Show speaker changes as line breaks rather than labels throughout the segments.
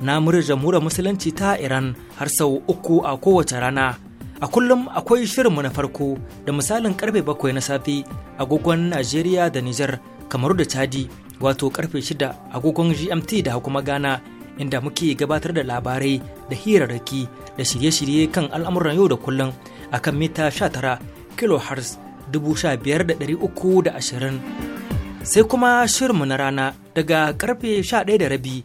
na murar musulunci ta Iran har sau uku a kowace rana. A kullum akwai shirinmu na farko da misalin karfe bakwai na safe agogon Najeriya da Nijar kamaru da Chadi wato karfe shida agogon GMT da kuma Ghana inda muke gabatar da labarai da hirarraki da shirye-shirye kan al'amuran yau da kullum a kan mita 19 da ashirin, sai kuma shirinmu na rana daga karfe ɗaya da rabi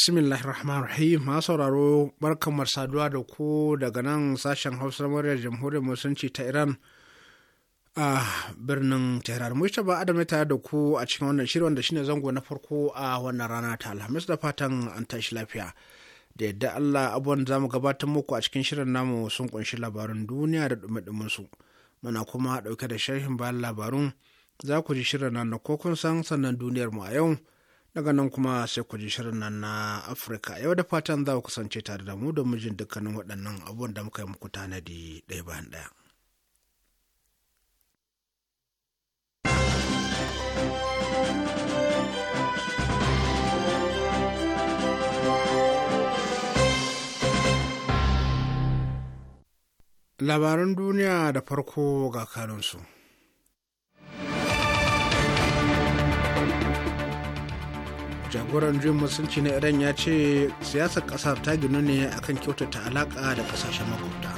bismillahir rahmanir rahim ma sauraro barkamar saduwa da ku daga nan sashen hausa muryar jamhuriyar musulunci ta iran a birnin tehran Mu ba adam tare da ku a cikin wannan shirin wanda shine zango na farko a wannan rana ta alhamis da fatan an tashi lafiya da yadda allah abubuwan zamu gabatar muku a cikin shirin namu sun kunshi labarun duniya da dumi su muna kuma dauke da sharhin bayan labarun za ku ji shirin nan na kokun san sannan duniyar mu a yau daga nan kuma sai ku ji shirin nan na afirka yau da fatan za ku kusance tare da mu da mijin dukkanin waɗannan abubuwan da muka yi muku tanadi ɗaya bayan ɗaya labaran duniya da farko ga kanunsu. jagoran juyin musulci na iran ya ce siyasar kasar ta ginu ne akan kyautata alaka da kasashen makwabta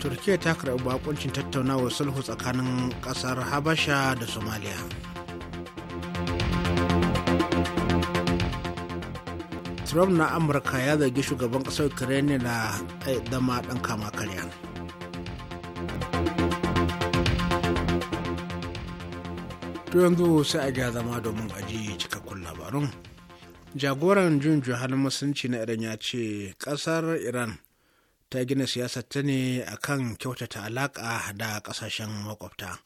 turkiya ta karɓi bakuncin tattaunawar sulhu tsakanin kasar habasha da somaliya trump na amurka ya zargi shugaban kasar ukraine eh, da ma ɗan kama karya to yanzu sai a gya zama domin aji cikakkun labarun jagoran jun halin musulunci na iran ya ce kasar iran ta gina siyasar ta ne akan kyautata alaka da kasashen makwabta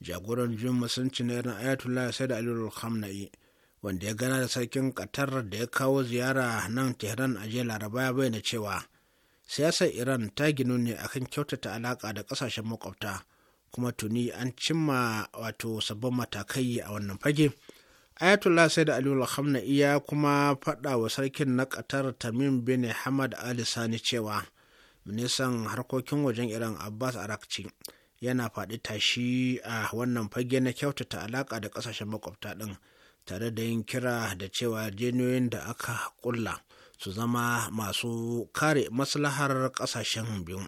jagoran jun musulunci na iran ayatollah da ali hamnai wanda ya gana da sarkin katar da ya kawo ziyara nan tehran a jiya laraba ya bayyana cewa siyasar iran ta ginu ne akan kyautata alaka da kasashen makwabta kuma tuni an cimma wato sabbin matakai a wannan fage ayatollah said aliyu alhamna iya kuma faɗa wa sarkin na qatar tamim bin hamad ali sani cewa ministan harkokin wajen iran abbas arakci yana faɗi tashi a wannan fage na kyautata alaƙa da ƙasashen makwabta ɗin tare da yin kira da cewa jeniyoyin da aka ƙulla su zama masu kare maslahar ƙasashen biyu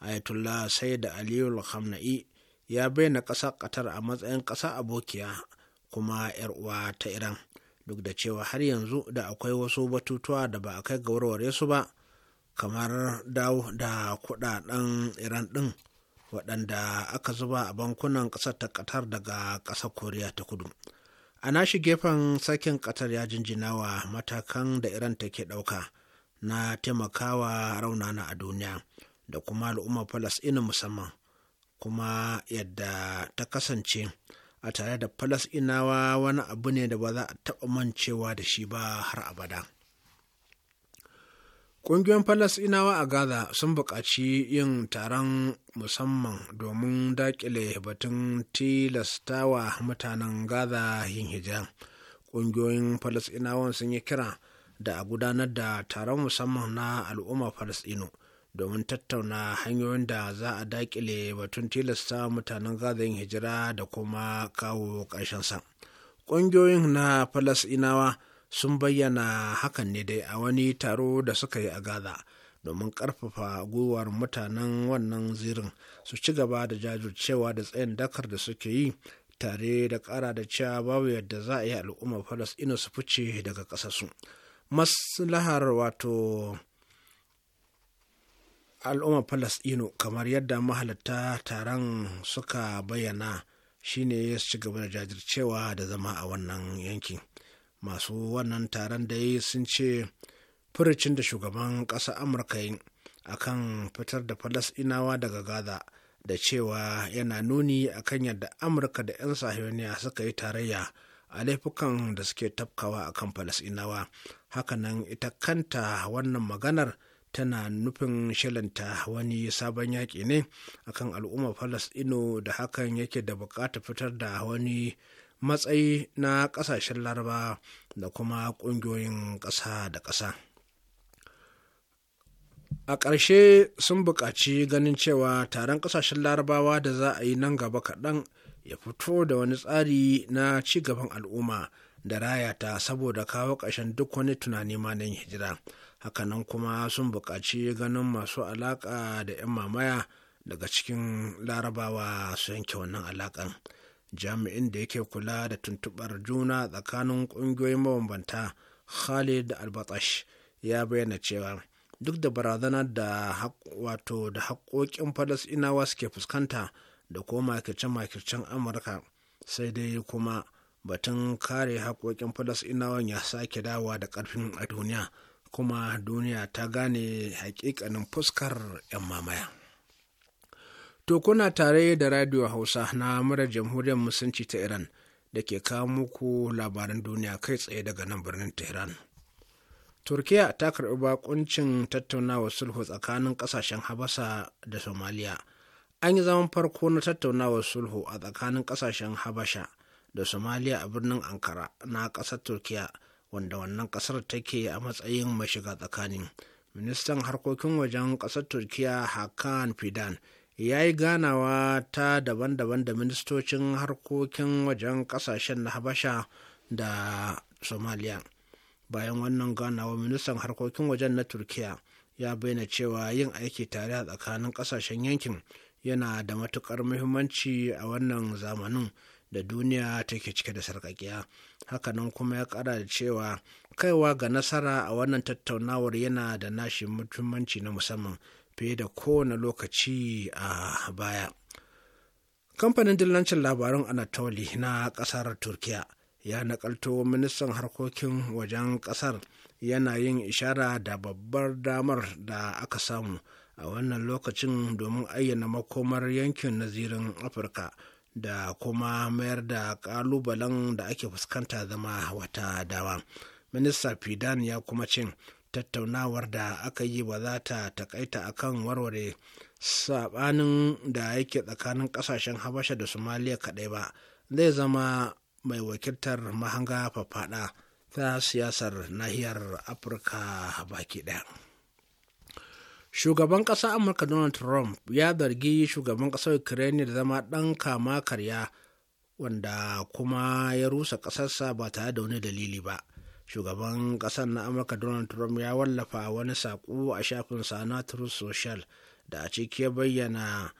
ayatollah da aliyu khamna'i ya bayyana ƙasar qatar a matsayin ƙasa abokiya kuma 'yar uwa ta iran duk da cewa har yanzu da akwai wasu batutuwa da ba a kai ga warware su ba kamar dawo da kudaden iran ɗin, waɗanda aka zuba a bankunan ƙasar ta ƙatar daga ƙasar koriya ta kudu a nashi gefen sakin ƙatar ya jinjina wa matakan da iran take ɗauka na taimakawa raunana a duniya da kuma al'ummar falasɗinu musamman kuma yadda ta kasance a tare da falasɗinawa wani abu ne da ba za a taɓa mancewa da shi ba har abada ƙungiyoyin falasɗinawa a gaza sun buƙaci yin taron musamman domin daƙile batun tilastawa mutanen gaza yin hijira ƙungiyoyin falasɗinawa sun yi kira da a gudanar da taron musamman na al'ummar falasɗinu domin tattauna hanyoyin da za a dakile batun tilasta mutanen gaza hijira da kuma kawo ƙarshensa ƙungiyoyin na Falasɗinawa sun bayyana hakan ne dai a wani taro da suka yi a gaza domin ƙarfafa gwiwar mutanen wannan zirin su ci gaba da jajircewa da tsayin dakar da suke yi tare da ƙara da cewa babu yadda za a yi al'ummar falasɗina su fice daga ƙasarsu maslahar wato al'ummar Falasɗinu kamar yadda mahalatta taron suka bayyana shine ya ci gaba da jajircewa da zama a wannan yankin. Masu wannan taron dai sun ce furucin da shugaban ƙasa Amurka yi akan fitar da Falasɗinawa daga Gaza da cewa yana nuni a kan yadda Amurka da 'yan sahiyoniya suka yi tarayya. a laifukan da suke tafkawa a kan hakanan ita kanta wannan maganar tana nufin shirinta wani sabon yaƙi ne akan al'ummar falasɗino da hakan yake da buƙatar fitar da wani matsayi na ƙasashen laraba da kuma ƙungiyoyin ƙasa da ƙasa a ƙarshe sun buƙaci ganin cewa taron ƙasashen larabawa da za a yi nan gaba kaɗan ya fito da wani tsari na ci gaban al'umma da raya ta saboda kawo ƙarshen duk wani tunani ma hijira hakanan kuma sun buƙaci ganin masu alaƙa da 'yan mamaya daga cikin larabawa su yanke wannan alaƙan jami'in da yake kula da tuntuɓar juna tsakanin ƙungiyoyin mabambanta khalid albatash ya bayyana cewa duk da barazana da wato da haƙoƙin falasɗinawa suke fuskanta da ko makirce-makircen amurka sai dai kuma batun kare haƙoƙin falasɗinawan ya sake dawa da ƙarfin a duniya kuma duniya ta gane hakikanin fuskar 'yan mamaya. To kuna tare da Radio Hausa na mura jamhuriyar musulunci ta Iran da ke kawo muku labaran duniya kai tsaye daga nan birnin Tehran. Turkiya ta karɓi bakuncin tattaunawa sulhu tsakanin ƙasashen Habasa da Somaliya. An yi zaman farko na tattaunawa sulhu a tsakanin ƙasashen Habasha da Somaliya a birnin Ankara na ƙasar Turkiya. wanda wannan kasar take a matsayin mai shiga tsakanin ministan harkokin wajen kasar turkiya hakan fidan ya yi ganawa ta daban-daban da ministocin harkokin wajen kasashen na habasha da somaliya bayan wannan ganawa ministan harkokin wajen na turkiya ya bayyana cewa yin aiki tare a tsakanin kasashen yankin yana da matukar muhimmanci a wannan zamanin da duniya take cike da sarkakiya hakanan kuma ya kara da cewa kaiwa ga nasara a wannan tattaunawar yana da nashi muhimmanci na musamman fiye da kowane lokaci a baya kamfanin dillancin labarun anatoli na kasar turkiya ya nakalto ministan harkokin wajen kasar yana yin ishara da babbar damar da aka samu a wannan lokacin domin ayyana makomar yankin nazirin afirka da kuma mayar da kalubalen da ake fuskanta zama wata dawa minista fidan ya kuma cin tattaunawar da aka yi ba za ta takaita kan warware sabanin da yake tsakanin kasashen habasha da Somalia kadai ba zai zama mai wakiltar mahanga fafada ta siyasar nahiyar afirka baki daya shugaban ƙasar amurka donald trump ya zargi shugaban ƙasar ukraine da zama ɗan kama karya wanda kuma ya rusa ƙasarsa ba tare da wani dalili ba shugaban ƙasar na amurka donald trump ya wallafa wani saƙo a shafin Sanatru social da a ciki ya bayyana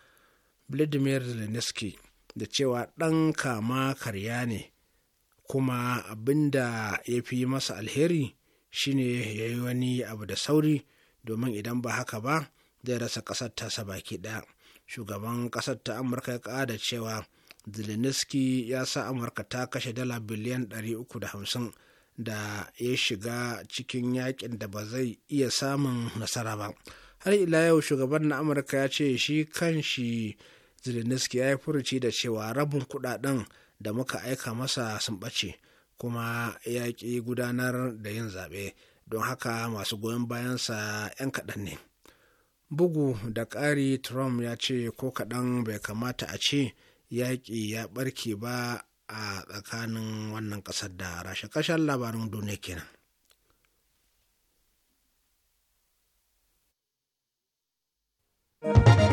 vladimir zelensky da cewa ɗan kama karya ne kuma abinda ya fi masa alheri shine ya yi wani abu da sauri domin idan ba haka ba zai rasa ƙasar tasa baki ɗaya shugaban ƙasar ta amurka ya ƙada cewa zelensky ya sa amurka ta kashe dala biliyan 350 da ya shiga cikin yakin da ba zai iya samun nasara ba har ila yau shugaban na amurka ya ce shi kan shi zelensky ya yi furuci da cewa rabin kudaden da muka aika masa sun ɓace kuma ya ƙi gudanar da yin zaɓe don haka masu goyon bayansa 'yan kaɗan ne bugu da ƙari trump ya ce ko kaɗan bai kamata a ce yaƙi ya ɓarke ba a tsakanin wannan ƙasar da rasha ƙasar labarin duniya kenan thank you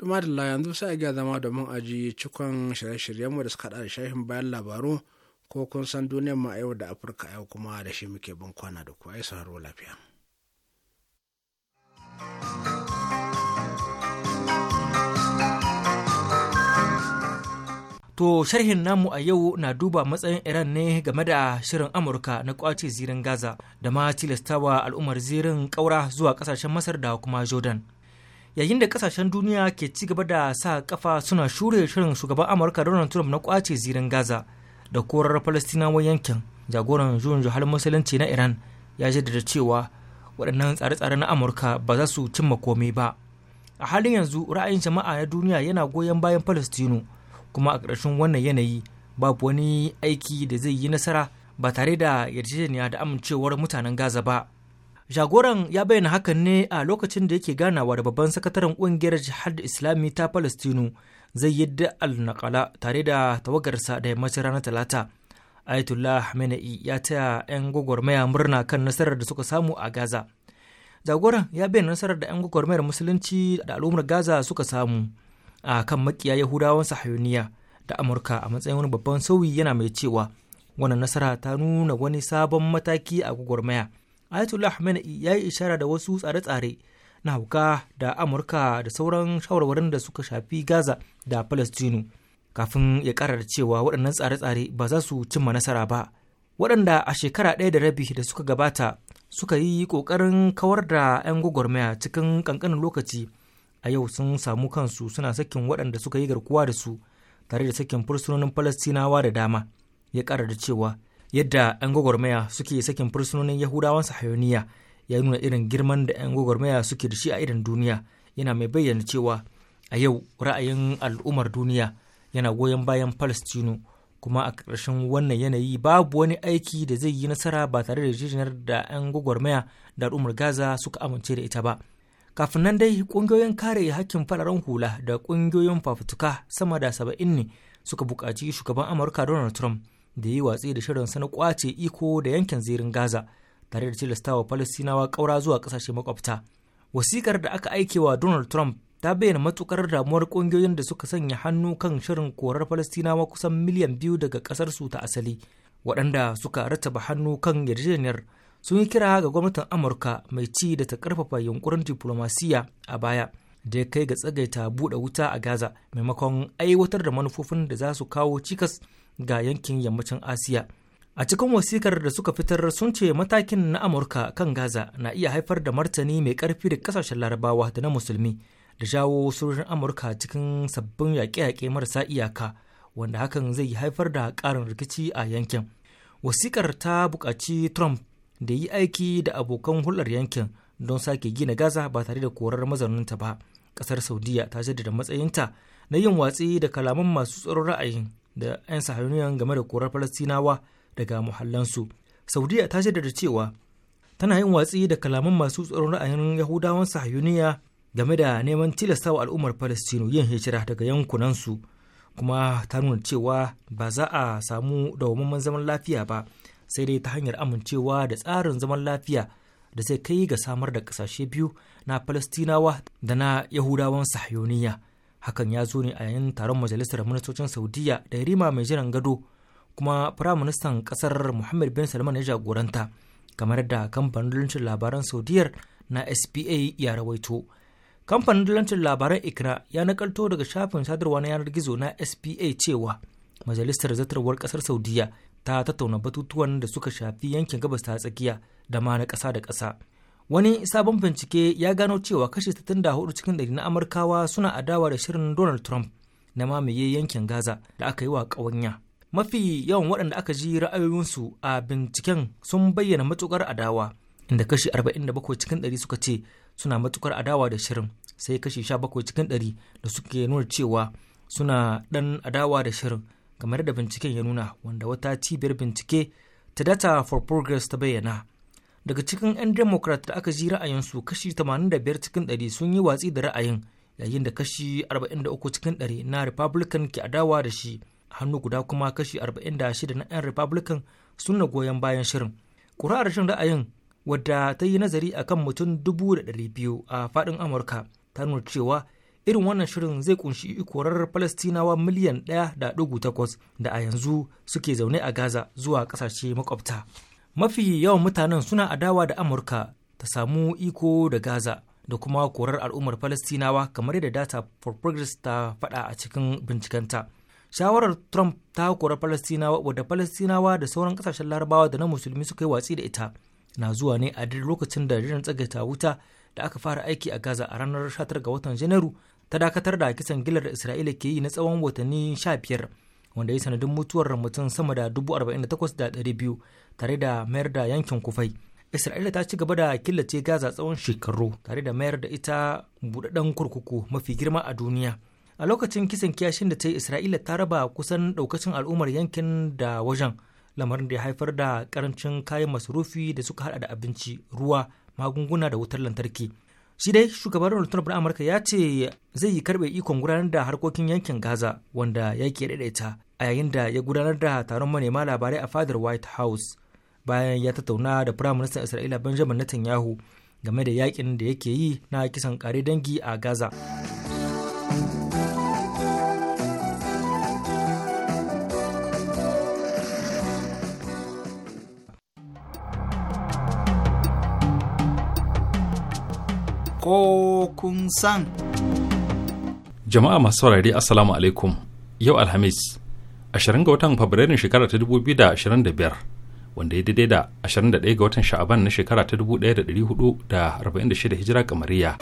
Tuma da yanzu sai ga zama domin aji cikon shirye-shiryenmu da suka da shahin bayan labaru ko kun san duniyar ma yau da Afirka yau kuma da shi muke bin kwana da kuwa ya sauraro lafiya.
To sharhin namu a yau na duba matsayin Iran ne game da shirin Amurka na kwace zirin Gaza da ma tilastawa al'ummar zirin ƙaura zuwa ƙasashen Masar da kuma Jordan. yayin da kasashen duniya ke ci gaba da sa kafa suna shure shirin shugaban amurka donald trump na kwace zirin gaza da korar falastinawa yankin jagoran juyin juhal musulunci na iran ya jaddada cewa waɗannan tsare-tsare na amurka ba za su cimma komai ba a halin yanzu ra'ayin jama'a na duniya yana goyon bayan falastinu kuma a ƙarshen wannan yanayi babu wani aiki da zai yi nasara ba tare da yarjejeniya da amincewar mutanen gaza ba Jagoran ya bayyana hakan ne a lokacin da yake ganawa da babban sakataren ƙungiyar jihar Islami ta Palestinu yi al-Naqala tare da tawagarsa da yammacin ranar Talata. Ayatollah Hamenei ya taya 'yan gwagwarmaya murna kan nasarar da suka samu a Gaza. Jagoran ya bayyana nasarar da 'yan gwagwarmayar musulunci da al'ummar Gaza suka samu a kan makiya Yahudawan Sahayuniya da Amurka a matsayin wani babban sauyi yana mai cewa wannan nasara ta nuna wani sabon mataki a gwagwarmaya. Ayatollah Khamenei ya yi ishara da wasu tsare-tsare na hauka da Amurka da sauran shawarwarin da suka shafi Gaza da Palestinu kafin ya karar cewa waɗannan tsare-tsare ba za su cimma nasara ba. Waɗanda a shekara ɗaya da rabi da suka gabata suka yi ƙoƙarin kawar da 'yan gwagwarmaya cikin ƙanƙanin lokaci a yau sun samu kansu suna sakin waɗanda suka yi garkuwa da su tare da sakin fursunonin Falastinawa da dama ya ƙara da cewa yadda 'yan gwagwarmaya suke sakin fursunonin yahudawan sahayoniya ya nuna irin girman da 'yan gwagwarmaya suke da shi a idan duniya yana mai bayyana cewa a yau ra'ayin al'ummar duniya yana goyon bayan palestino kuma a ƙarshen wannan yanayi babu wani aiki da zai yi nasara ba tare da jijiyar da 'yan gwagwarmaya da al'ummar gaza suka amince da ita ba kafin nan dai ƙungiyoyin kare hakkin fararen hula da ƙungiyoyin fafutuka sama da saba'in ne suka buƙaci shugaban amurka donald trump da yi watsi da shirin na kwace iko da yankin zirin Gaza tare da tilastawa Falastinawa kaura zuwa kasashe makwabta. Wasikar da aka aikewa Donald Trump ta bayyana matukar damuwar ƙungiyoyin da suka sanya hannu kan shirin korar Falastinawa kusan miliyan biyu daga ƙasarsu ta asali. Waɗanda suka rattaba hannu kan yarjejeniyar sun yi kira ga gwamnatin Amurka mai ci da ta ƙarfafa yunkurin diplomasiya a baya. da ya kai ga tsagaita buɗe wuta a Gaza maimakon aiwatar da manufofin da za su kawo cikas ga yankin yammacin asiya a cikin wasikar da suka fitar sun ce matakin na amurka kan gaza na iya haifar da martani mai karfi da kasashen larabawa da na musulmi da jawo sojojin amurka cikin sabbin yaƙe-yaƙe marasa iyaka wanda hakan zai haifar da ƙarin rikici a yankin wasikar ta buƙaci trump da yi aiki da abokan hulɗar yankin don sake gina gaza ba tare da korar mazauninta ba ƙasar saudiya ta jaddada matsayinta na yin watsi da kalaman masu tsaron ra'ayin da 'yan sahayuniyan game da korar falastinawa daga muhallansu saudiya ta shaida da cewa tana yin watsi da kalaman masu tsoron ra'ayin yahudawan sahayuniya game da neman tilastawa al'ummar falastino yin hijira daga yankunansu kuma ta nuna cewa ba za a samu dawamman zaman lafiya ba sai dai ta hanyar amincewa da tsarin zaman lafiya da zai kai ga samar da ƙasashe biyu na falastinawa da na yahudawan sahayuniya hakan ya zo ne a yayin taron majalisar ministocin saudiya da rima mai jiran gado kuma firaministan kasar muhammad bin salman ya jagoranta kamar da kamfanin dalancin labaran saudiyar na spa ya rawaito kamfanin dalancin labaran ikra ya nakalto daga shafin sadarwa na yanar gizo na spa cewa majalisar zartarwar kasar saudiya ta tattauna batutuwan da suka shafi yankin gabas ta tsakiya da ma na kasa da kasa. Wani sabon bincike ya gano cewa kashi 64 cikin ɗari na Amurkawa suna adawa da shirin Donald Trump na mamaye yankin Gaza da aka yi wa ƙawanya. Mafi yawan waɗanda aka ji ra'ayoyinsu a binciken sun bayyana matukar adawa, inda kashi 47 cikin ɗari suka ce suna matukar adawa da shirin, sai kashi 17 cikin ɗari da suke nuna cewa suna ɗan adawa da shirin, kamar da binciken ya nuna wanda wata cibiyar bincike ta Data for Progress ta bayyana. daga cikin 'yan democrat da aka ji ra'ayinsu kashi 85 cikin 100 sun yi watsi da ra'ayin yayin da kashi 43 cikin 100 na republican ke adawa da shi a hannu guda kuma kashi 46 na 'yan republican sun na goyon bayan shirin ƙuri'ar shirin ra'ayin wadda ta yi nazari a kan mutum 200,000 a faɗin amurka ta nuna cewa irin wannan shirin zai kunshi ikorar falastinawa miliyan 1.8 da a yanzu suke zaune a gaza zuwa kasashe makwabta. mafi yawan mutanen suna adawa da amurka ta samu iko da gaza da kuma korar al'ummar falastinawa kamar yadda data for progress ta faɗa a cikin bincikenta shawarar trump ta korar falastinawa wadda falastinawa da sauran kasashen larabawa da na musulmi suka yi watsi da ita na zuwa ne a duk lokacin da jiran tsagaita wuta da aka fara aiki a gaza a ranar 19 ga watan janairu ta dakatar da kisan gilar da isra'ila ke yi na tsawon watanni 15 wanda ya sanadin mutuwar mutum sama da 48,200 tare da mayar da yankin kufai isra'ila ta ci gaba da killace gaza tsawon shekaru tare da mayar da ita buɗaɗɗen kurkuku mafi girma a duniya a lokacin kisan kiyashin da ta yi isra'ila ta raba kusan ɗaukacin al'ummar yankin da wajen lamarin da ya haifar da karancin kayan masarufi da suka hada da abinci ruwa magunguna da wutar lantarki shi dai shugaban Donald Trump na Amurka ya ce zai yi karbe ikon gudanar da harkokin yankin Gaza wanda yake daidaita a yayin da ya gudanar da taron manema labarai a fadar White House bayan ya tattauna da ministan isra'ila benjamin netanyahu game da yakin da yake yi na kisan kare dangi a gaza ko kun san
jama'a masu saurari assalamu alaikum yau alhamis 20 ga watan fabrairun shekara ta 2025 wanda ya daidai da 21 ga watan sha'aban na shekara ta 1446 hijira kamariya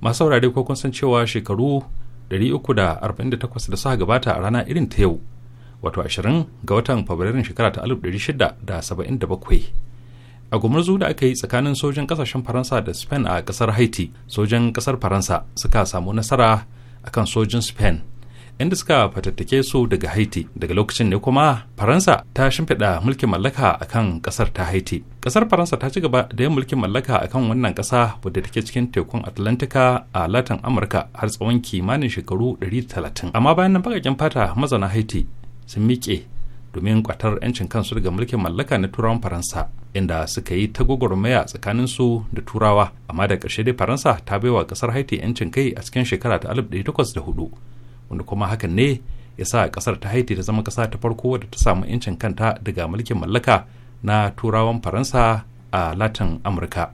masu saurare ko kun san cewa shekaru 348 da suka gabata a rana irin ta yau wato 20 ga watan fabrairun shekara ta 1677 a gumurzu da aka yi tsakanin sojin kasashen faransa da spain a kasar haiti sojin kasar faransa suka samu nasara akan sojin spain inda suka fatattake su daga haiti daga lokacin ne kuma faransa ta shimfiɗa mulkin mallaka a kan ƙasar ta haiti ƙasar faransa ta ci gaba da yin mulkin mallaka akan wannan ƙasa wadda take cikin tekun atlantika a latin amurka har tsawon kimanin shekaru 130 amma bayan nan bakakin fata mazana haiti sun miƙe domin kwatar 'yancin kansu daga mulkin mallaka na turawan faransa inda suka yi ta gwagwarmaya tsakanin su da turawa amma da ƙarshe dai faransa ta baiwa ƙasar haiti 'yancin kai a cikin shekara ta 1804 wanda kuma hakan ne ya sa kasar ta haiti ta zama kasa ta farko da ta samu 'yancin kanta daga mulkin mallaka na turawan faransa a latin amurka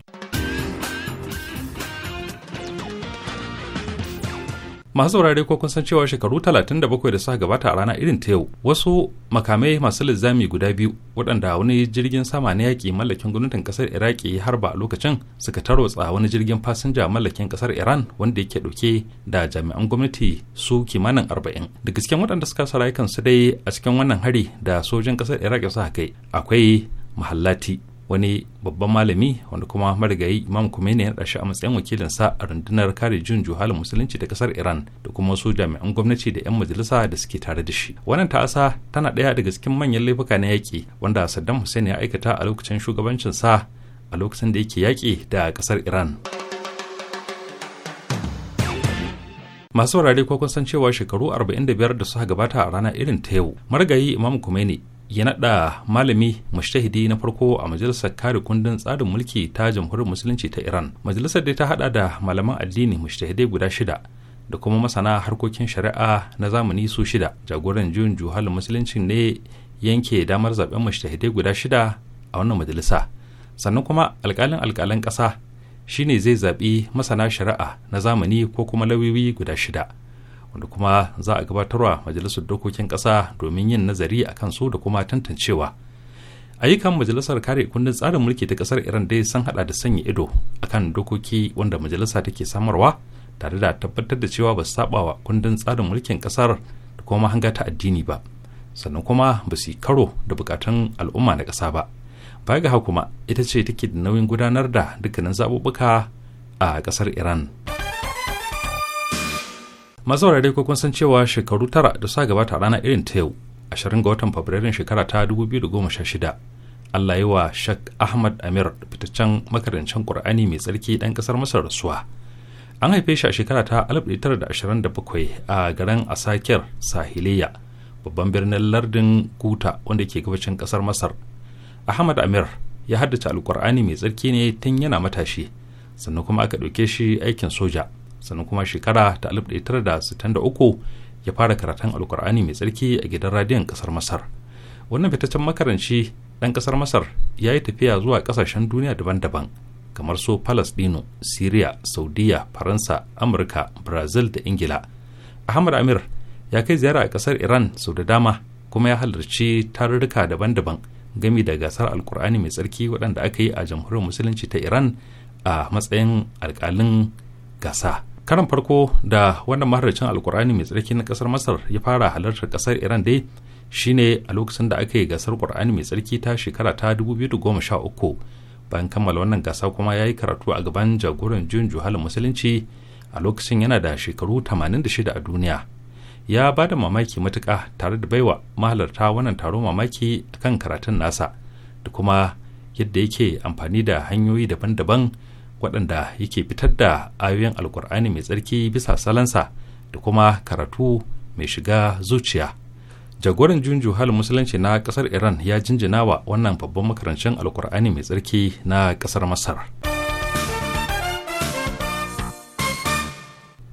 masu saurare ko kun san cewa shekaru 37 da suka gabata a rana irin ta yau wasu makamai masu lizami guda biyu waɗanda wani jirgin sama na yaƙi mallakin gwamnatin ƙasar iraki ya harba a lokacin suka tarwatsa wani jirgin fasinja mallakin ƙasar iran wanda yake ɗauke da jami'an gwamnati su kimanin arba'in da gasken waɗanda suka sa su dai a cikin wannan hari da sojin ƙasar iraki suka kai akwai mahallati wani babban malami wanda kuma marigayi imam ne ya shi a matsayin wakilin sa a rundunar kare jin juhalin musulunci da kasar iran da kuma wasu jami'an gwamnati da 'yan majalisa da suke tare da shi wannan ta'asa tana ɗaya daga cikin manyan laifuka na yaƙi wanda saddam hussein ya aikata a lokacin shugabancin sa a lokacin da yake yaƙi da kasar iran masu wurare ko kun san cewa shekaru 45 da suka gabata a rana irin ta yau marigayi imam Khomeini ya naɗa malami mashtahidi na farko a majalisar kare kundin tsarin mulki ta jamhuriyar musulunci ta iran majalisar dai ta hada da malaman addini mushtahidai guda shida da kuma masana harkokin shari'a na zamani su shida jagoran juyin juhal musulunci ne yanke damar zaben mushtahidai guda shida a wannan majalisa sannan kuma alkalin alkalin ƙasa shine zai zaɓi masana shari'a na zamani ko kuma lauyoyi guda shida wanda kuma za a gabatarwa majalisar dokokin kasa domin yin nazari a kansu da kuma tantancewa ayyukan majalisar kare kundin tsarin mulki ta kasar iran dai sun hada da sanya ido a kan dokoki wanda majalisa take samarwa tare da tabbatar da cewa ba su saba wa kundin tsarin mulkin kasar da kuma hanga ta addini ba sannan kuma ba su yi karo da bukatun al'umma na kasa ba baya ga ma ita ce take da nauyin gudanar da dukkanin zaɓuɓɓuka a kasar iran. mazaurare ko kun san cewa shekaru tara da sa gabata a ranar irin ta yau ashirin ga watan fabrairun shekara ta shida Allah yi wa Shak Ahmad Amir fitaccen makarancin Kur'ani mai tsarki ɗan ƙasar Masar rasuwa. An haife shi a shekara ta bakwai a garin Asakir Sahiliya, babban birnin lardin Kuta wanda ke gabacin ƙasar Masar. Ahmad Amir ya haddace Alƙur'ani mai tsarki ne tun yana matashi, sannan kuma aka ɗauke shi aikin soja. sannan kuma shekara ta da uku ya fara karatun alkur'ani mai tsarki a gidan radiyon kasar masar wannan fitaccen makaranci ɗan ƙasar masar ya yi tafiya zuwa ƙasashen duniya daban-daban kamar su palestino syria saudiya faransa amurka brazil da ingila ahmad amir ya kai ziyara a ƙasar iran sau da dama kuma ya halarci tarurruka daban-daban gami da gasar alkur'ani mai tsarki waɗanda aka yi a jamhuriyar musulunci ta iran a matsayin alƙalin gasa karan farko da wannan maharacin alkur'ani mai tsarki na kasar masar ya fara halartar kasar iran dai shine a lokacin da aka yi gasar kur'ani mai tsarki ta shekara ta 2013 bayan kammala wannan gasa kuma ya yi karatu a gaban jagoran jin juhalin musulunci a lokacin yana da shekaru 86 a duniya ya ba da mamaki matuka tare da baiwa mahalarta wannan taron mamaki kan karatun nasa da kuma yadda yake amfani da hanyoyi daban-daban waɗanda yake fitar da ayoyin alkur'ani mai tsarki bisa salansa da kuma karatu mai shiga zuciya jagoran junju hal musulunci na ƙasar iran ya jinjina wa wannan babban makarancin alkur'ani mai tsarki na ƙasar masar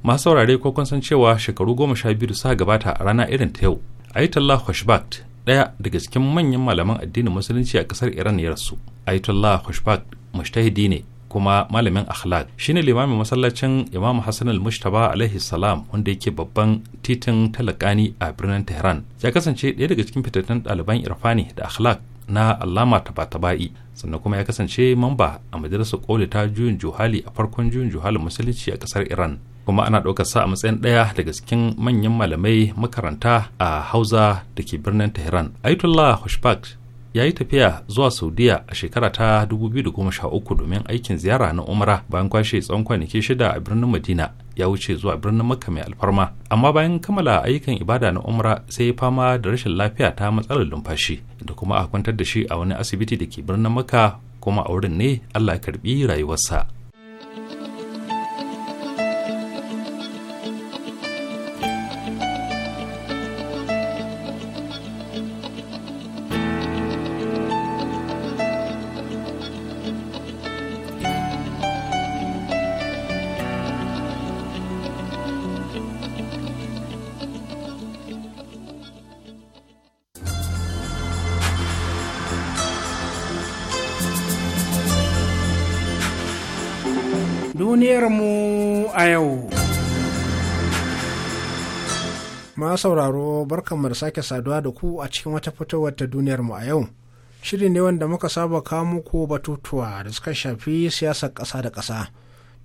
masu saurare ko kun san cewa shekaru goma sha biyu suka gabata a rana irin ta yau ayatollah hushbakt ɗaya daga cikin manyan malaman addinin musulunci a ƙasar iran ya rasu ayatollah hushbakt mushtahidi ne kuma malamin akhlaq shine limamin masallacin imamu hassan al-mushtaba alaihi salam wanda yake babban titin talakani a birnin tehran ya kasance ɗaya daga cikin fitattun ɗaliban irfani da akhlaq na alama taba sannan kuma ya kasance mamba a majalisar koli ta juyin juhali a farkon juyin juhalin musulunci a ƙasar iran kuma ana ɗaukar sa a matsayin ɗaya daga cikin manyan malamai makaranta a hauza da ke birnin tehran ayatollah hushbakt ya yi tafiya zuwa saudiya a shekara ta 2013 domin aikin ziyara na umara bayan kwashe tsawon kwanaki shida a birnin madina ya wuce zuwa birnin makka mai alfarma amma bayan kammala ayyukan ibada na umra sai ya fama da rashin lafiya ta matsalar numfashi, da kuma a kwantar da shi a wani asibiti da ke birnin makka kuma a wurin ne allah ya karbi rayuwarsa
yau. Ma sauraro barkanmu da sake saduwa da ku a cikin wata fitowar ta duniyar mu a yau. Shiri ne wanda muka saba kawo muku batutuwa da suka shafi siyasar ƙasa da ƙasa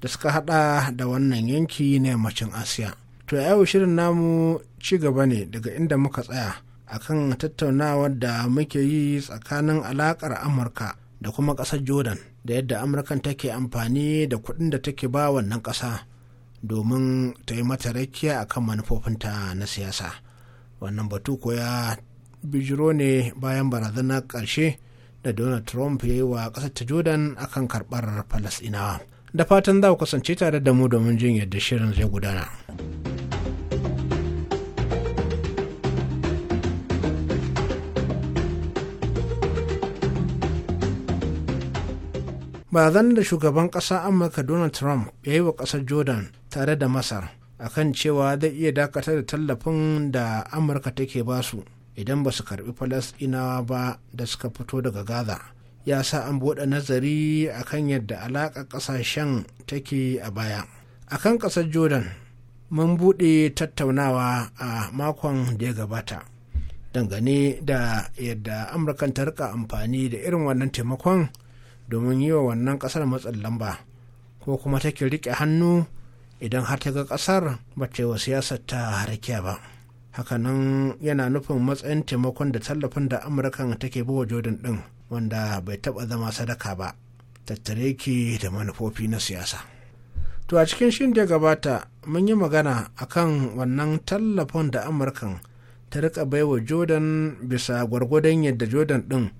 da suka haɗa da wannan yanki na yammacin Asiya. To yau shirin namu ci gaba ne daga inda muka tsaya akan tattaunawar da muke yi tsakanin alaƙar Amurka da kuma ƙasar Jordan da yadda Amurkan take amfani da kuɗin da take ba wannan ƙasa domin ta yi mata rakiya a kan manufofinta na siyasa wannan batu ko ya bijiro ne bayan barazanar ƙarshe da donald trump ya yi wa ƙasar ta jordan akan karɓar falasɗinawa da fatan za ku kasance tare da mu domin jin yadda shirin zai gudana. Ba zan da shugaban ƙasa amurka donald trump ya yi wa ƙasar jordan tare da masar akan cewa zai iya dakatar da tallafin da amurka take basu idan ba su karbi falasɗinawa ba da suka fito daga gaza ya sa an buɗe nazari akan yadda alaƙa ƙasashen take a baya akan ƙasar jordan mun buɗe tattaunawa a makon da ya gabata dangane da yadda amurkan ta rika amfani da irin wannan taimakon domin yi wa wannan ƙasar matsin lamba ko kuma take rike hannu idan har ta ga ƙasar ba ta wa siyasar ta harakiya ba hakanan yana nufin matsayin taimakon da tallafin da amurkan take bawa jordan ɗin wanda bai taba zama sadaka ba tattare ki da manufofi na siyasa. To a cikin shin da gabata mun yi magana akan wannan tallafin da Amurkan ta rika baiwa Jordan bisa gwargwadon yadda Jordan ɗin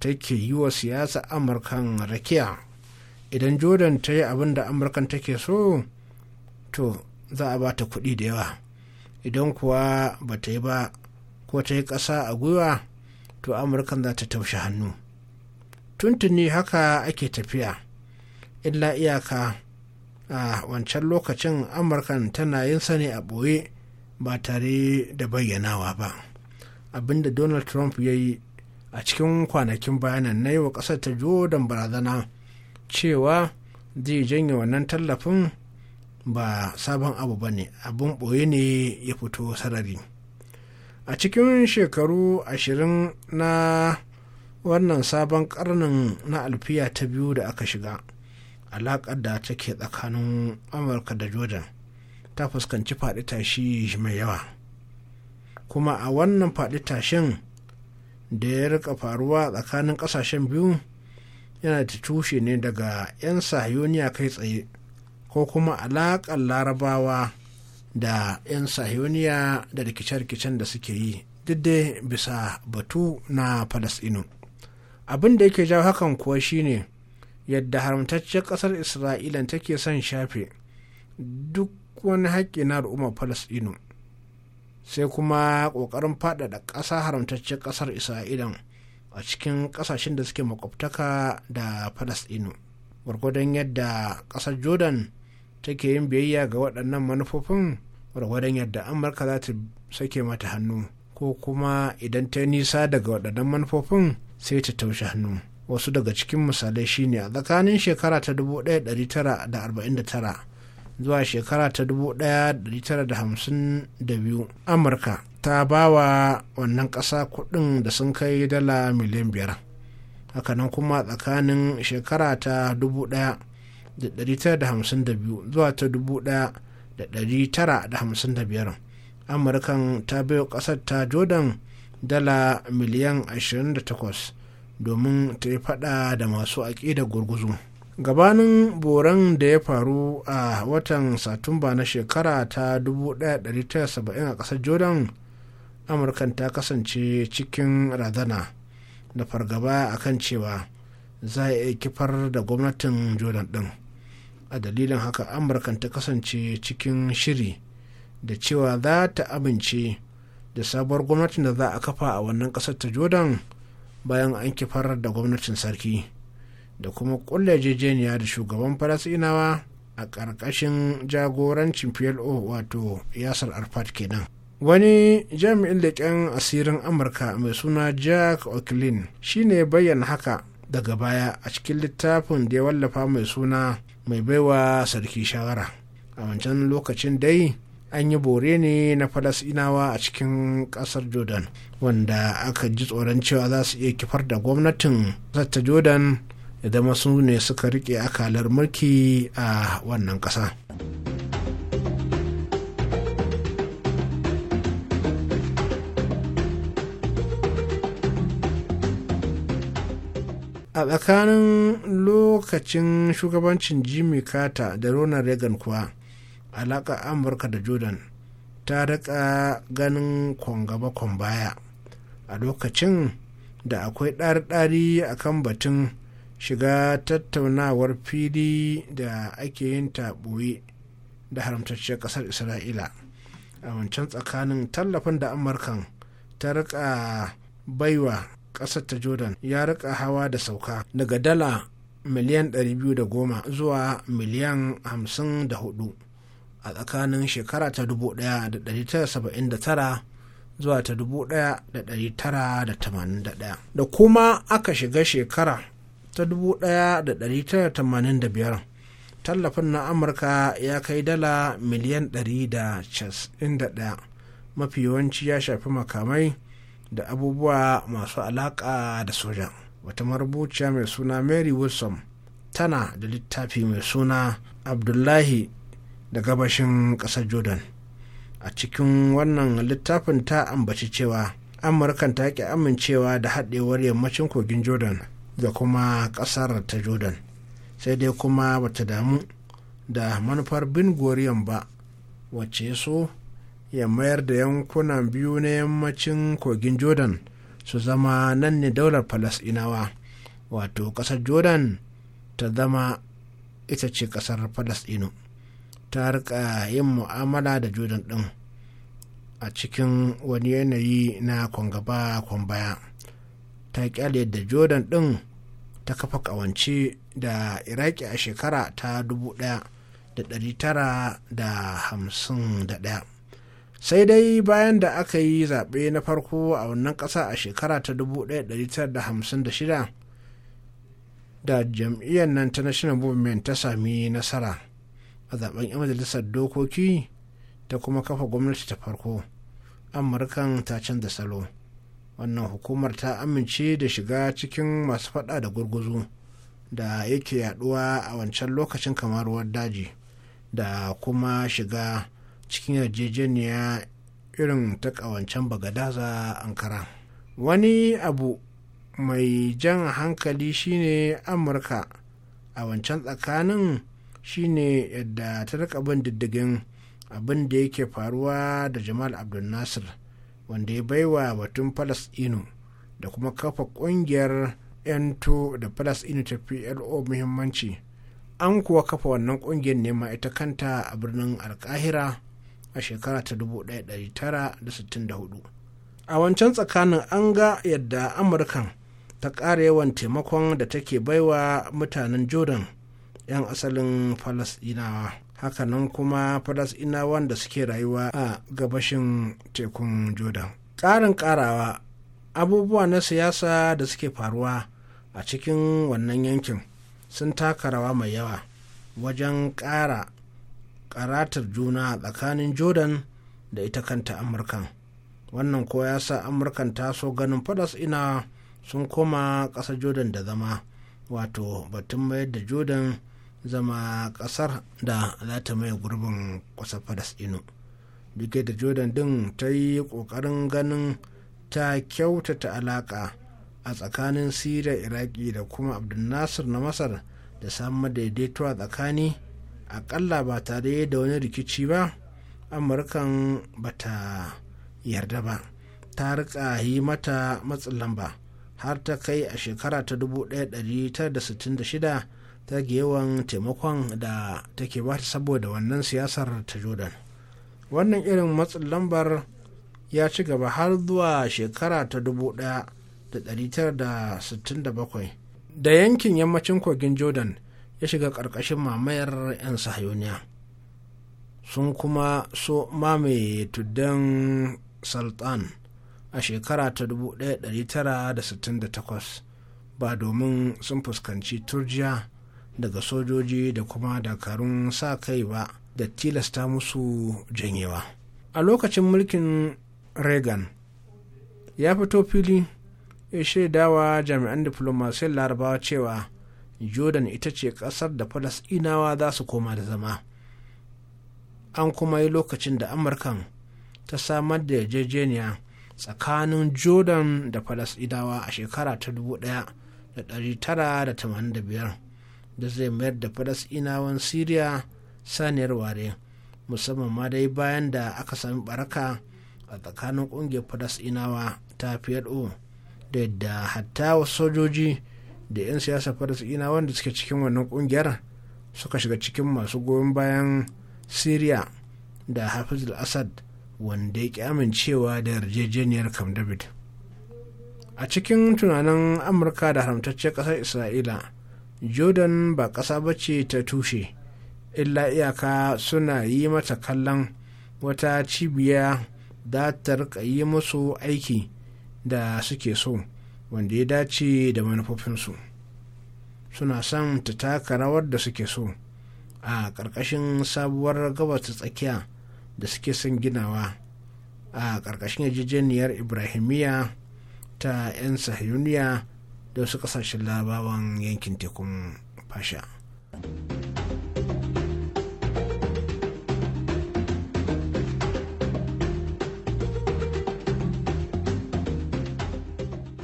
take yi wa siyasa amurkan rakiya idan jordan ta yi abin da amurkan take so to za a ba ta kuɗi da yawa idan kuwa ba ta yi ba ko ta yi ƙasa a gwiwa to amurkan za ta taushe hannu tuntuni haka ake tafiya illa iyaka a wancan lokacin amurkan tana yin sani a ɓoye ba tare da bayyanawa ba abinda donald trump ya yi a cikin kwanakin bayanan na yi wa ƙasar ta jordan barazana cewa zai janye wannan tallafin ba sabon abu ba ne abin ɓoye ne ya fito sarari a cikin shekaru ashirin na wannan sabon karnin na alfiya ta biyu da aka shiga alaƙar da take tsakanin amurka da jordan ta fuskanci faɗi tashi mai yawa kuma a wannan faɗi tashin da ya rika faruwa tsakanin kasashen biyu yana da tushe ne daga 'yan sahiyoniya kai tsaye ko kuma alaƙar larabawa da 'yan sahiyoniya da rikice-rikicen da suke yi da bisa batu na falasɗinu abin da yake jawo hakan kuwa shine yadda haramtacciyar ƙasar isra'ilan take son shafe duk wani haƙƙi na al'ummar falasɗinu sai kuma ƙoƙarin faɗaɗa ƙasa haramtaccen ƙasar isra'ilan a cikin ƙasashen da suke makwabtaka da falastinu gwargwadon yadda ƙasar jordan take yin biyayya ga waɗannan manufofin gwargwadon yadda amurka za ta sake mata hannu ko kuma idan ta nisa daga waɗannan manufofin sai ta taushe hannu wasu daga cikin misalai shine a tsakanin shekara ta 1949 zuwa shekara ta 1952 amurka ta bawa wannan ƙasa kuɗin da sun kai dala miliyan biyar hakanan kuma tsakanin shekara ta 1952 zuwa ta 1955 amurkan ta baiwa ƙasar ta jordan dala miliyan 28 domin ta yi fada da masu da gurguzu gabanin boran da ya faru a watan satumba na shekara ta 1970 a ƙasar jordan amurkan ta kasance cikin razana da fargaba a kan cewa za a iya kifar da gwamnatin jordan din a dalilin haka amurkan ta kasance cikin shiri da cewa za ta amince da sabuwar gwamnatin da za a kafa a wannan ƙasar ta jordan bayan an kifar da gwamnatin sarki da kuma kulle yarjejeniya da shugaban falasinawa a ƙarƙashin jagorancin plo wato yasar arfat kenan wani jami'in leƙen asirin amurka mai suna jack o'klin shine bayyana haka daga baya a cikin littafin da ya wallafa mai suna mai baiwa sarki shawara a wancan lokacin dai an yi bore ne na falasinawa a cikin kasar jordan wanda aka ji tsoron cewa za su iya kifar da gwamnatin ta jordan idan ne suka rike akalar mulki a wannan ƙasa. a tsakanin lokacin shugabancin jimmy carter da ronald reagan kuwa alaƙa amurka da jordan ta rika ganin kwangaba baya a lokacin da akwai ɗari-ɗari a kan batun shiga tattaunawar fili da ake yin taɓoye da haramtacciyar ƙasar isra'ila a wancan tsakanin tallafin da amurkan ta rika baiwa ƙasar ta jordan ya rika hawa da sauka daga dala miliyan 210 zuwa miliyan 54 a tsakanin shekara ta 1979 zuwa ta 1981 da kuma aka shiga shekara ta 1985 tallafin na amurka ya kai dala miliyan 191 mafi yawanci ya shafi makamai da abubuwa masu alaƙa da soja wata marubuciya mai suna mary wilson tana da littafi mai suna abdullahi da gabashin ƙasar jordan a cikin wannan littafin ta ambaci cewa amurkan ta ki amincewa da haɗewar yammacin kogin jordan da kuma kasar ta jordan sai dai kuma bata damu da manufar bin goriyan ba wacce so ya mayar da yankunan biyu na yammacin kogin jordan su zama nan ne daular falasɗinawa wato ƙasar jordan ta zama ita ce ƙasar falasɗinu ta rika yin mu'amala da jordan ɗin a cikin wani yanayi na kwangaba kwambaya. ta kyale da jordan ɗin ta kafa kawance da iraki a shekara ta 1951 sai dai bayan da aka yi zaɓe na farko a wannan ƙasa a shekara ta 1956 da jam'iyyar nan ta national movement ta sami nasara a zaben 'yan majalisar dokoki ta kuma kafa gwamnati ta farko amurkan ta canza salo wannan hukumar ta amince da shiga cikin masu fada da gurguzu da yake yaduwa a wancan lokacin kamaruwar daji da kuma shiga cikin yarjejeniya irin ta kawancen bagadaza ankara wani abu mai jan hankali shine amurka a wancan tsakanin shine yadda ta rika bin diddigin abin da yake faruwa da jamal abdul nasir wanda ya baiwa batun falasɗinu da kuma kafa ƙungiyar 'yanto da falasɗinu ta plo muhimmanci an kuwa kafa wannan ƙungiyar nema ita kanta a birnin alkahira a shekara ta 1964 a wancan tsakanin an ga yadda amurkan ta ƙara yawan taimakon da take baiwa mutanen jordan 'yan asalin falasɗinawa hakanan kuma ina wanda suke rayuwa a gabashin tekun jordan ƙarin ƙarawa abubuwa na siyasa da suke faruwa a cikin wannan yankin sun taka rawa mai yawa wajen ƙara ƙaratar juna tsakanin jordan da ita kanta amurkan wannan ko ya sa amurkan ta so ganin ina sun koma ƙasa jordan da zama wato batun mayar da jordan zama kasar da za ta maye gurbin kusa ino duk da jordan din ta yi kokarin ganin ta kyautata alaka a tsakanin siriya iraki da kuma abdulnasir na masar da samun daidaito a tsakani akalla ba tare da wani rikici ba amurkan ba ta yarda ba ta rika yi mata matsin lamba har ta kai a shekara ta 1966 ta yawan taimakon da take bata saboda wannan siyasar ta jordan wannan irin matsin lambar ya ci gaba har zuwa shekara ta 1967 da yankin yammacin kogin jordan ya shiga ƙarƙashin mamayar 'yan sahayoniya sun kuma so mamaye tuddan sultan a shekara ta 1968 ba domin sun fuskanci turjiya daga sojoji da kuma dakarun sa kai ba da tilasta musu janyewa a lokacin mulkin reagan ya fito fili ya shaidawa jami'an diflomasiyar larabawa cewa jordan ita ce kasar da falasɗinawa za su koma da zama an kuma yi lokacin da amurkan ta samar da yarjejeniya tsakanin jordan da falasɗinawa a shekara ta 1985 da zai mayar da inawan Siriya saniyar ware musamman ma dai bayan da aka sami baraka a tsakanin kungiyar inawa ta plo da yadda hatta sojoji da 'yan siyasa inawa da suke cikin wannan kungiyar suka shiga cikin masu goyon bayan Siriya da hafiz al-assad wanda ya ki amincewa da yarjejeniyar camp david a cikin tunanin amurka da haramtacciyar ƙasar isra'ila jordan ba ƙasa ba ce ta tushe illa iyaka suna yi mata kallon wata cibiya da ta yi musu aiki da suke so wanda ya dace da manufofinsu suna son ta taka rawar da suke so a ƙarƙashin sabuwar gabas tsakiya da suke son ginawa a ƙarƙashin yarjejeniyar ibrahimiyya ta 'yan sahiyuniya da wasu kasashen larabawan yankin tekun fasha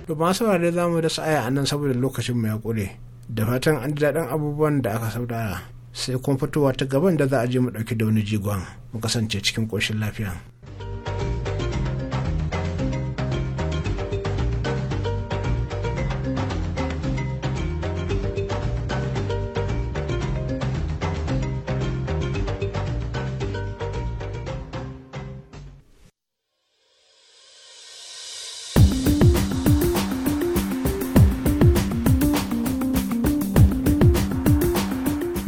to ba saurare za zamu da sa'aya a nan saboda lokacin mu ya kure da fatan an ji daɗin abubuwan da aka saurara sai kuma fitowa ta gaban da za a je mu ɗauki da wani jigon mu kasance cikin ƙoshin lafiya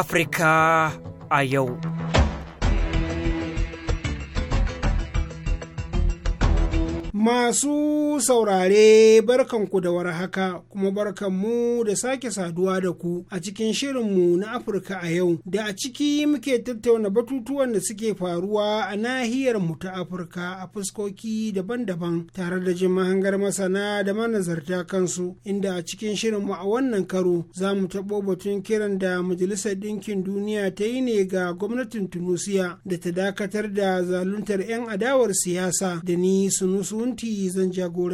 afrika a yau.
Masu saurare barkanku da warhaka kuma barkanmu da sake saduwa da ku a cikin shirinmu na Afirka a yau da a ciki muke tattauna batutuwan da suke faruwa a nahiyar mu ta Afirka a fuskoki daban-daban tare da jin mahangar masana da manazarta kansu inda a cikin shirinmu a wannan karo za mu taɓo batun kiran da Majalisar Ɗinkin Duniya ta yi ne ga gwamnatin Tunusiya da ta dakatar da zaluntar 'yan adawar siyasa da ni Sunusunti zan jagora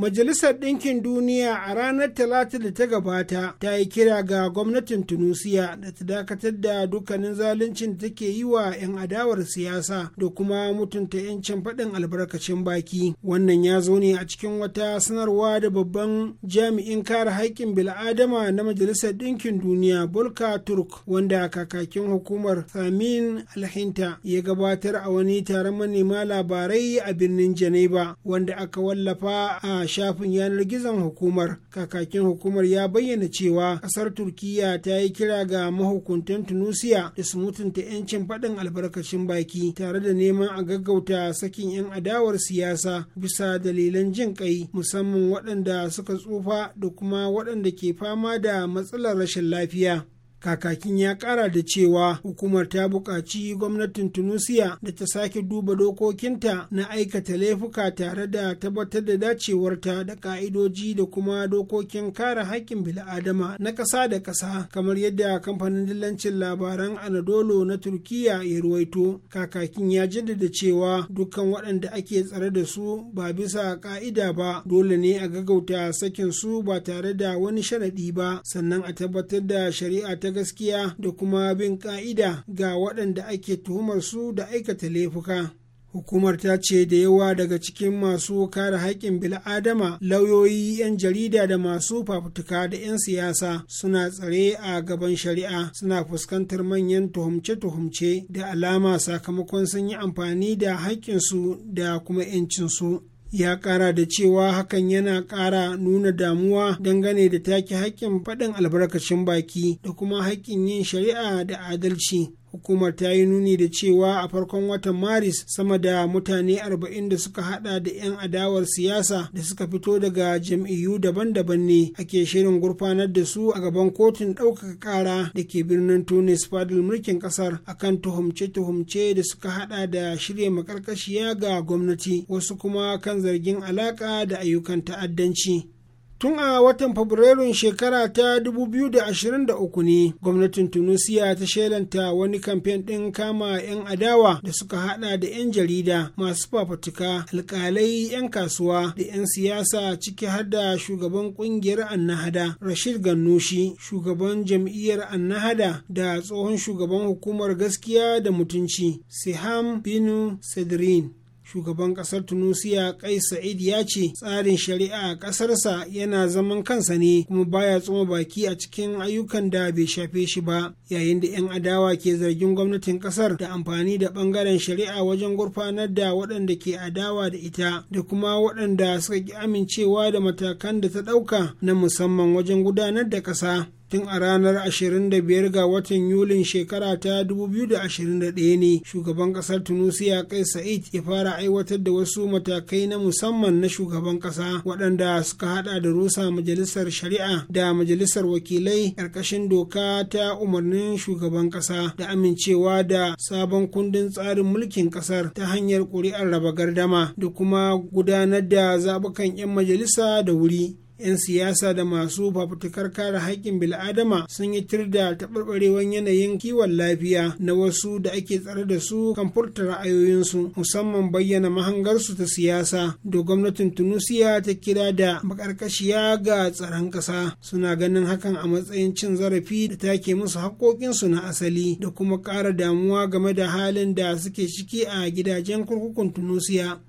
Majalisar Ɗinkin Duniya a ranar Talata da ta gabata ta yi kira ga gwamnatin Tunusiya da ta dakatar da dukkanin zaluncin da take yi wa 'yan adawar siyasa da kuma mutunta 'yancin faɗin albarkacin baki. Wannan ya zo ne a cikin wata sanarwa da babban jami'in kare haƙƙin bil'adama na Majalisar Ɗinkin Duniya Bulka Turk wanda kakakin hukumar Samin Alhinta ya gabatar a wani taron manema labarai a birnin Janeba wanda aka wallafa a shafin yanar gizon hukumar kakakin hukumar ya bayyana cewa kasar turkiya ta yi kira ga mahukuntan tunusiya da su mutunta 'yancin faɗin albarkacin baki tare da neman a gaggauta sakin 'yan adawar siyasa bisa dalilan jin kai musamman waɗanda suka tsufa da kuma waɗanda ke fama da matsalar rashin lafiya kakakin ya kara da cewa hukumar ta buƙaci gwamnatin tunisia da ta sake duba dokokinta na aikata laifuka tare da tabbatar da dacewarta da ka'idoji da kuma dokokin kare haƙƙin bil'adama na ƙasa da ƙasa kamar yadda kamfanin dillancin labaran anadolo na turkiya ya ruwaito kakakin ya jaddada cewa dukkan waɗanda ake tsare da su ba bisa ka'ida ba dole ne a gagauta sakin su ba tare da wani sharaɗi ba sannan a tabbatar da shari'a ta da gaskiya da kuma bin ka'ida ga waɗanda ake tuhumar su da aikata laifuka hukumar ta ce da yawa daga cikin masu kare haƙƙin bil'adama lauyoyi 'yan jarida da masu fafutuka da 'yan siyasa suna tsare a gaban shari'a suna fuskantar manyan tuhumce-tuhumce da alama sakamakon sun yi amfani da haƙƙinsu da kuma 'yancinsu ya kara da cewa hakan yana kara nuna damuwa dangane da take haƙƙin faɗin albarkacin baki da kuma haƙƙin yin shari'a da adalci hukumar ta yi nuni da cewa a farkon watan maris sama da mutane 40 da suka hada da 'yan adawar siyasa da suka fito daga jam'iyyu daban-daban ne ake shirin gurfanar da su a gaban kotun ɗaukaka ƙara da ke birnin tunis fadil mulkin ƙasar akan tuhumce-tuhumce da suka hada da shirya makarkashiya ga gwamnati wasu kuma kan zargin alaƙa da ayyukan ta'addanci tun a watan fabrairun shekara ta 2023 ne gwamnatin tunisia ta shelanta wani kamfen ɗin kama 'yan adawa da suka haɗa da 'yan jarida masu fafatuka alƙalai, 'yan kasuwa da 'yan siyasa ciki har da shugaban ƙungiyar annahada rashid gannushi shugaban jam'iyyar annahada da tsohon shugaban hukumar gaskiya da mutunci siham binu sedrin shugaban kasar tunisia kai sa'id ya ce tsarin shari'a a kasarsa yana zaman kansa ne kuma baya tsoma baki a cikin ayyukan da bai shafe shi ba yayin da 'yan adawa ke zargin gwamnatin kasar da amfani da bangaren shari'a wajen gurfanar da waɗanda ke adawa da ita da kuma waɗanda suka ki amincewa da matakan da ta ɗauka na musamman wajen gudanar da ƙasa tun a ranar 25 ga watan yulin shekara ta 2021 ne shugaban kasar tunisia kai sa'id ya fara aiwatar da wasu matakai na musamman na shugaban kasa waɗanda suka hada da rusa majalisar shari'a da majalisar wakilai ƙarƙashin doka ta umarnin shugaban kasa da amincewa da sabon kundin tsarin mulkin kasar ta hanyar ƙuri'ar raba gardama da kuma gudanar da zaɓukan 'yan majalisa da wuri 'yan siyasa da masu fafutukar kare haƙƙin bil'adama sun yi tir da taɓarɓarewar yanayin kiwon lafiya na wasu da ake tsare da su kan furta ra'ayoyinsu musamman bayyana mahangarsu ta siyasa da gwamnatin tunisia ta kira da maƙarƙashiya ga tsaron ƙasa suna ganin hakan a matsayin cin zarafi da take musu haƙoƙinsu na asali da kuma ƙara damuwa game da halin da suke ciki a gidajen kurkukun tunisia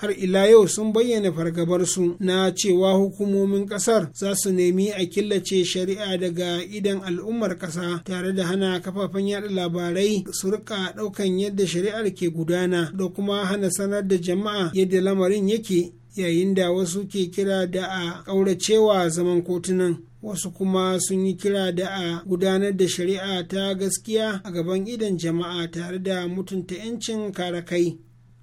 har ila yau sun bayyana fargabarsu na cewa hukumomin kasar za su nemi a killace shari'a daga idan al'ummar kasa tare da hana kafafen yada labarai su rika daukan yadda shari'ar ke gudana da kuma hana sanar da jama'a yadda lamarin yake yayin da wasu ke kira da a ƙauracewa zaman kotunan wasu kuma sun yi kira da a gudanar da shari'a ta gaskiya a gaban idan jama'a tare da mutunta 'yancin kare kai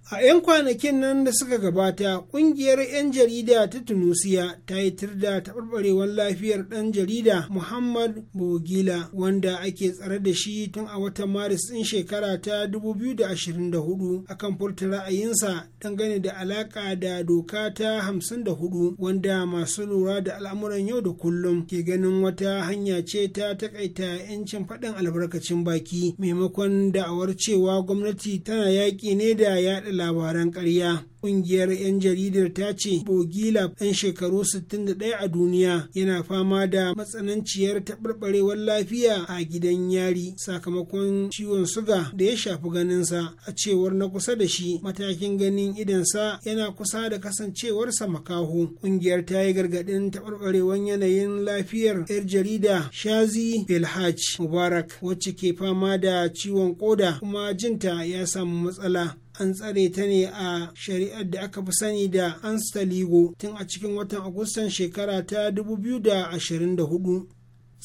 a 'yan kwanakin nan da suka gabata ƙungiyar 'yan jarida ta tunusiya ta yi tirda taɓarɓarewar lafiyar ɗan jarida muhammad bogila wanda ake tsare da shi tun a watan maris ɗin shekara ta 2024 akan furta ra'ayinsa dangane da alaƙa da doka ta 54 wanda masu lura da al'amuran yau da kullum ke ganin wata hanya ce ta taƙaita 'yancin faɗin albarkacin baki maimakon da'awar cewa gwamnati tana yaƙi ne da yaɗa labaran ƙarya ƙungiyar 'yan jaridar ta ce bogila ɗan shekaru 61 a duniya yana fama da matsananciyar taɓarɓarewar lafiya a gidan yari sakamakon ciwon suga da ya shafi ganinsa a cewar na kusa da shi matakin ganin idansa yana kusa da kasancewarsa makaho ƙungiyar ta yi gargaɗin taɓarɓarewar yanayin lafiyar 'yar jarida shazi belhaj mubarak wacce ke fama da ciwon koda kuma jinta ya samu matsala an tsare ta ne a shari'ar da aka fi sani da anstaligo tun a cikin watan agustan shekara ta 2024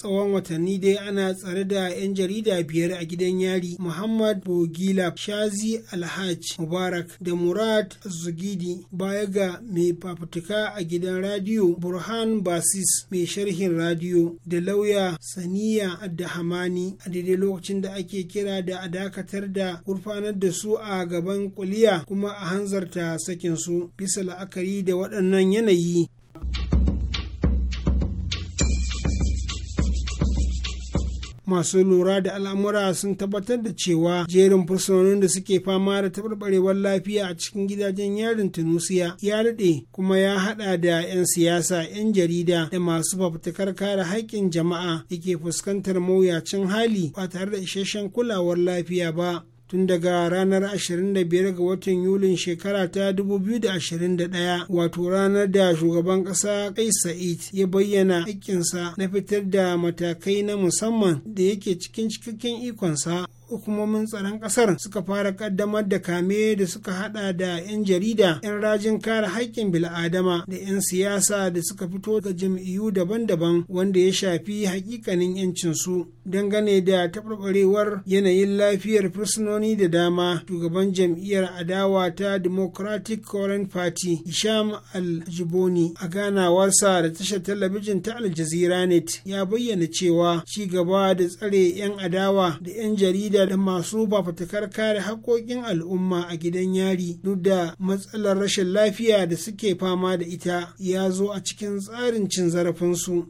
tsawon watanni dai ana tsare da 'yan jarida biyar a gidan yari muhammad bogila shazi alhaj mubarak da murad zugidi baya ga mai fafutuka a gidan radiyo burhan basis mai sharhin radiyo da lauya saniya hamani a daidai lokacin da ake kira da a dakatar da gurfanar da su a gaban kuliya kuma a hanzarta sakinsu bisa la'akari da waɗannan yanayi masu lura da al'amura sun tabbatar da cewa jerin fursunonin da suke fama da taɓarɓarewar lafiya a cikin gidajen yarin tunusiya ya daɗe kuma ya haɗa da 'yan siyasa 'yan jarida da masu fafutukar kare haƙƙin jama'a da ke fuskantar mawuyacin hali ba tare da isasshen kulawar lafiya ba tun daga ranar 25 ga watan yulin shekara ta 2021 wato ranar da shugaban ƙasa kai sa'id ya bayyana aikinsa na fitar da matakai na musamman da yake cikin cikakken ikonsa hukumomin tsaron kasar suka fara kaddamar da kame da suka hada da 'yan jarida 'yan rajin kare haƙƙin bil'adama da 'yan siyasa da suka fito ga jam'iyyu daban-daban wanda ya shafi yancin su dangane da taɓarɓarewar yanayin lafiyar fursunoni da dama shugaban jam'iyyar adawa ta democratic current party isham al-jiboni a ganawarsa da tashar talabijin ta al jazeera net ya bayyana cewa ci gaba da tsare 'yan adawa da 'yan jarida Najeriya da masu fafatakar kare haƙƙoƙin al'umma a gidan yari duk da matsalar rashin lafiya da suke fama da ita ya zo a cikin tsarin cin zarafinsu.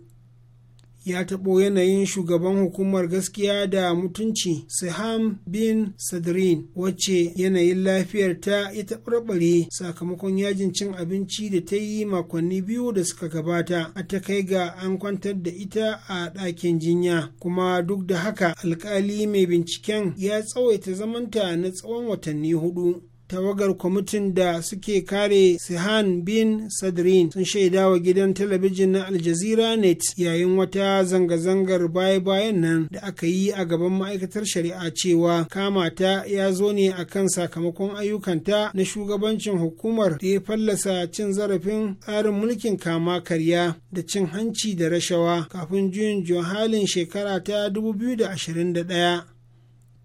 ya taɓo yanayin shugaban hukumar gaskiya da mutunci Saham bin Sadrin wacce yanayin lafiyar ta ya taɓarɓare sakamakon yajin cin abinci da ta yi makonni biyu da suka gabata a ta kai ga an kwantar da ita a ɗakin jinya kuma duk da haka alkali mai binciken ya tsawaita zamanta na tsawon watanni hudu. tawagar kwamitin da suke kare sihan bin sadrin sun shaida wa gidan talabijin na aljazira net yayin wata zanga-zangar baya-bayan nan da aka yi a gaban ma'aikatar shari'a cewa kamata ya zo ne a kan sakamakon ayyukanta na shugabancin hukumar da ya fallasa cin zarafin tsarin mulkin kama karya da cin hanci da rashawa kafin juyin juhalin shekara ta 2021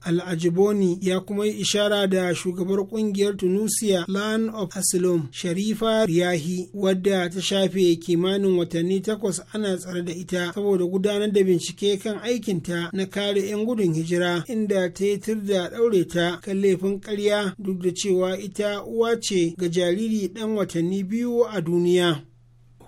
al'ajiboni ya kuma yi ishara da shugabar kungiyar Tunisia Land of Asylum Sharifa Riyahi wadda ta shafe kimanin watanni takwas ana tsare da ita saboda gudanar da bincike kan aikinta na kare 'yan gudun hijira inda ta yi da ɗaure ta kan laifin karya, duk da cewa ita uwa ce ga jariri ɗan watanni biyu a duniya.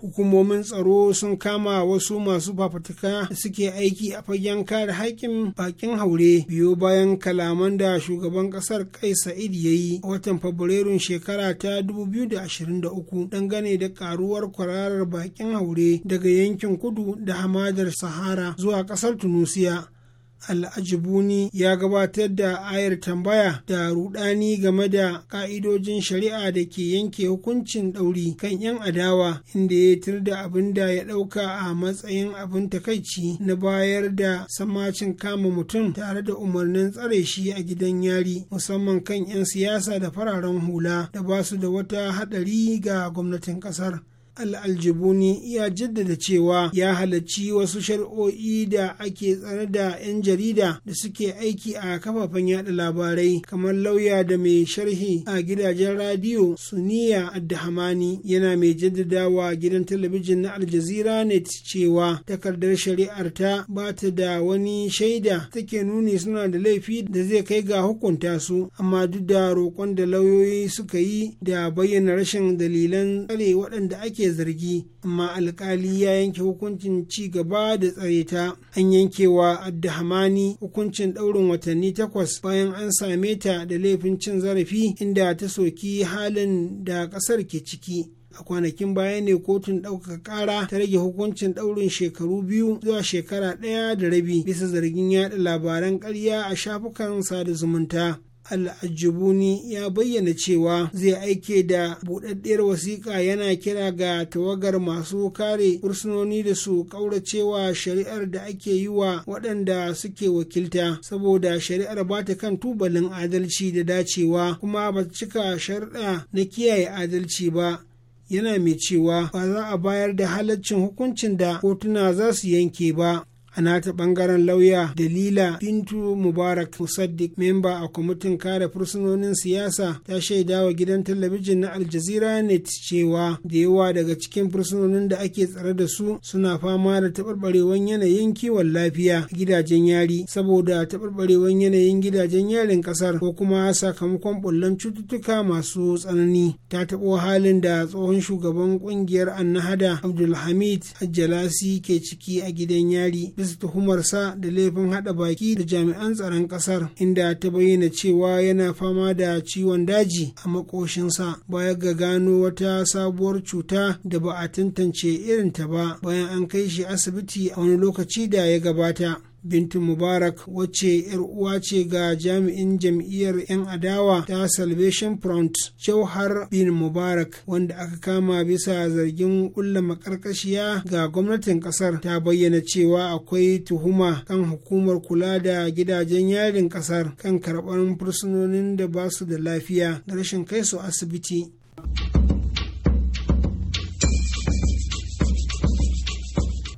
hukumomin tsaro sun kama wasu masu fafutuka suke aiki a fagen kare haƙƙin bakin haure biyo bayan kalaman da shugaban ƙasar kai sa'id ya yi a watan fabrairun shekara ta 2023 dangane da karuwar kwararar bakin haure daga yankin kudu da hamadar sahara zuwa ƙasar tunusiya al'ajibuni ya gabatar da ayar tambaya da rudani game da ka'idojin shari'a da ke yanke hukuncin ɗauri kan 'yan adawa inda ya tur da abin da ya ɗauka a matsayin abin takaici na bayar da samacin kama mutum tare da umarnin tsare shi a gidan yari musamman kan 'yan siyasa da fararen hula da ba su da wata haɗari ga gwamnatin ƙasar. al'aljibuni ya jaddada cewa ya halarci wasu shari'o'i da ake tsare da 'yan jarida da suke aiki a kafafen yada labarai kamar lauya da mai sharhi a gidajen radiyo suniya addahamani yana mai jaddadawa gidan talabijin na aljazira net cewa takardar shari'ar ta ba ta da wani shaida take nuni suna da laifi da zai kai ga hukunta su amma duk da roƙon da lauyoyi suka yi da bayyana rashin dalilan tsare waɗanda ake zargi amma alkali ya yanke hukuncin ci gaba da tsare ta an yankewa addahamani hukuncin ɗaurin watanni takwas bayan an same ta da laifin cin zarafi inda ta soki halin da ƙasar ke ciki a kwanakin baya ne kotun ɗaukaka ƙara ta rage hukuncin ɗaurin shekaru biyu zuwa shekara ɗaya da rabi bisa zargin yaɗa labaran ƙarya a shafukan sada zumunta al'ajibuni ya bayyana cewa zai aike da buɗaɗɗiyar wasiƙa yana kira ga tawagar masu kare fursunoni da su ƙauracewa shari'ar da ake yi wa waɗanda suke wakilta saboda shari'ar ba ta kan tubalin adalci da dacewa kuma ba cika sharɗa na kiyaye adalci ba yana mai cewa ba za a bayar da halaccin hukuncin da kotuna za su yanke ba a nata bangaren lauya dalila bintu mubarak musaddiq memba a kwamitin kare fursunonin siyasa ta shaida wa gidan talabijin na aljazira net cewa da yawa daga cikin fursunonin da ake tsare da su suna fama da taɓarɓarewan yanayin kiwon lafiya gidajen yari saboda taɓarɓarewan yanayin gidajen yarin ƙasar ko kuma sakamakon bullan cututtuka masu tsanani ta taɓo halin da tsohon shugaban ƙungiyar annahada abdulhamid ajalasi ke ciki a gidan yari jaddada tuhumarsa da laifin haɗa baki da jami'an tsaron ƙasar inda ta bayyana cewa yana fama da ciwon daji a makoshinsa baya ga gano wata sabuwar cuta da ba a tantance irinta ba bayan an kai shi asibiti a wani lokaci da ya gabata Bintu Mubarak wacce 'yar uwa ce ga jami'in jam'iyyar 'yan adawa ta Salvation Front Jauhar bin Mubarak wanda aka kama bisa zargin kulla makarkashiya ga gwamnatin kasar ta bayyana cewa akwai tuhuma kan hukumar kula da gidajen yarin kasar kan karɓar fursunonin da basu da lafiya da rashin kai su asibiti.